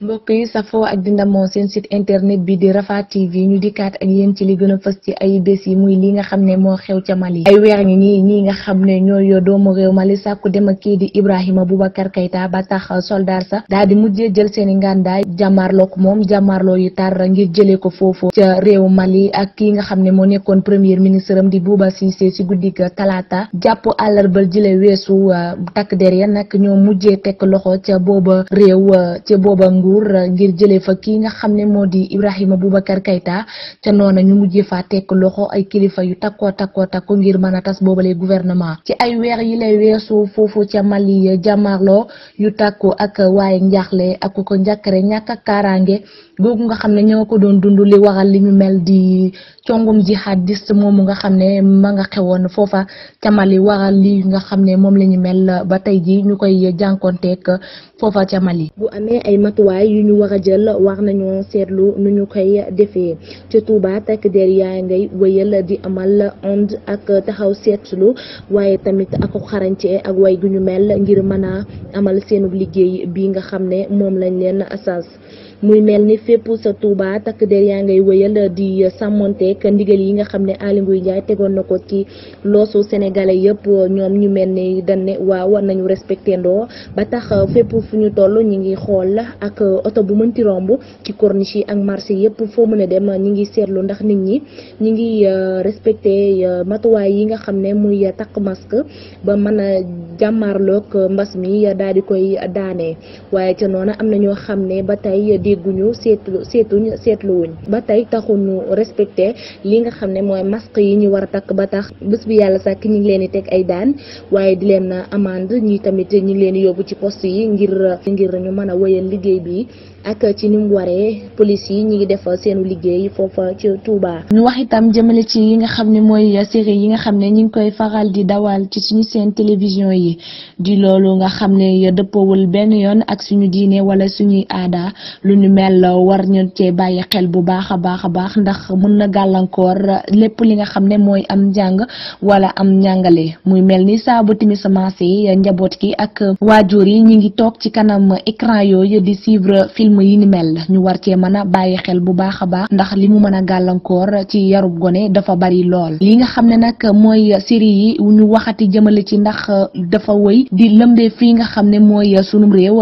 mbokk yi safoo ak di ndamoo seen sit internet bi di Rafah TV ñu dikkaat ak yéen ci li gën a fës ci ay bés yi muy li nga xam ne moo xew ca Mali ay weer ñi ñi ñi nga xam ne ñoo yor doomu réew Mali sàkku dem ak kii di Ibrahima Boubacar Keïta ba tax soldaar sa daal di mujjee jël seen i ngàndaay jàmmaarlook moom jàmmaarloo yi tar ngir jëlee ko foofu ca réew Mali ak kii nga xam ne moo nekkoon premier ministre am di Bouba Cissé si guddig talaata jàpp àllarbal jile weesu euh, takk der ya nag ñoo mujjee tekk loxo ca booba réew euh, ca booba nguur ngir jëlee fa kii nga xam ne moo di Ibrahima Boubacar Keïta ca noona ñu mujjee fa tekk loxo ay kilifa yu takkoo takkoo takko ngir mën a tas boobale gouvernement ci ay weer yi lay weesu foofu ca Mali jàmmarloo yu takku ak waaye njaaxle ak ko njàkkare ñàkk ak kaaraange nga xam ne ñoo ko doon dund li waral li ñu mel di congum jihadiste moomu nga xam ne ma nga xewoon foofa ca Mali waral li nga xam ne moom lañu ñu mel ba tey ji ñu koy jànkonteeg foofa ca Mali bu amee ay matuwaay matuwaay yu ñu war a jël war nañu seetlu nu ñu koy defee ci Touba takk der yaa ngay wéyal di amal ond ak taxaw seetlu waaye tamit ak xarañte ak way gu ñu mel ngir mën a amal seenub liggéey bi nga xam ne moom lañ leen asas muy mel ni fépp sa Touba takk der yaa ngay wéyal di sàmmonteek ndigal yi nga xam ne Aly Ngouille Ndiaye tegoon na ko ci loosu sénégalais yëpp ñoom ñu mel ni dañ waaw war nañu respecté ndoo ba tax fépp fu ñu toll ñu ngi xool ak oto bu mënti romb ci corniche yi ak marché yëpp foo mën a dem ñu ngi seetlu ndax nit ñi ñi ngi euh, respecté euh, matuwaay yi nga xam ne muy takk mask ba mën a jàmmaarlook mbas mi daal di koy daanee waaye ca noonu am na ñoo xam ne ba tey dégguñu seetlu seetuñ seetluwuñ ba tey taxuñu respecté li nga xam ne mooy masque yi ñu war a takk ba tax bés bi yàlla sàkk ñu ngi leen di teg ay daan waaye di leen amande ñi tamit ñu leen di yóbbu ci poste yi ngir ngir ñu mën a wéyal liggéey bi ak ci ni mu waree police yi ñu ngi def seenu liggéey foofa ci Touba. ñu wax itam jëmale ci yi nga xam ne mooy série yi nga xam ne ñu ngi koy faral di dawal ci suñu seen télévision yi di loolu nga xam ne dëppoowul benn yoon ak suñu diine wala suñuy aada lu lu ñu mel war ñu cee bàyyi xel bu baax a baax a baax ndax mën na gàllankoor lépp li nga xam ne mooy am njàng wala am njàngale muy mel ni saa bu timis yi njaboot ki ak waajur yi ñi ngi toog ci kanam écran yooyu di suivre film yi ni mel ñu war cee mën a bàyyi xel bu baax a baax ndax li mu mën a gàllankoor ci yarub gone dafa bari lool li nga xam ne nag mooy série yi ñu waxati jëmale ci ndax dafa wëy di lëmdee fii nga xam ne mooy sunum réew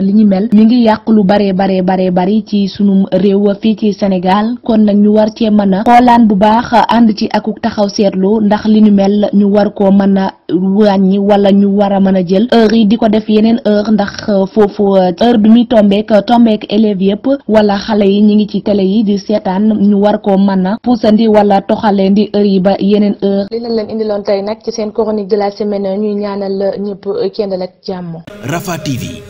li ñu mel mi ngi yàq lu bare bare bare bari ci sunu réew fii ci senegal kon na ñu war cee mën a xoolaan bu baax ànd ci akuk taxaw seetlu ndax li ñu mel ñu war koo mën a wàññi wala ñu war a mën a jël heure yi di ko def yeneen heure ndax foofu heure bi muy tombeek tombeek élèves yëpp wala xale yi ñu ngi ci télé yi di seetaan ñu war koo mën a puusandi wala leen di heure yi ba yeneen heure li lañ leen indiloon tey nag ci seen chronique de la semaine ñuy ñaanal ñëpp kenn ak jàmm Rafah TV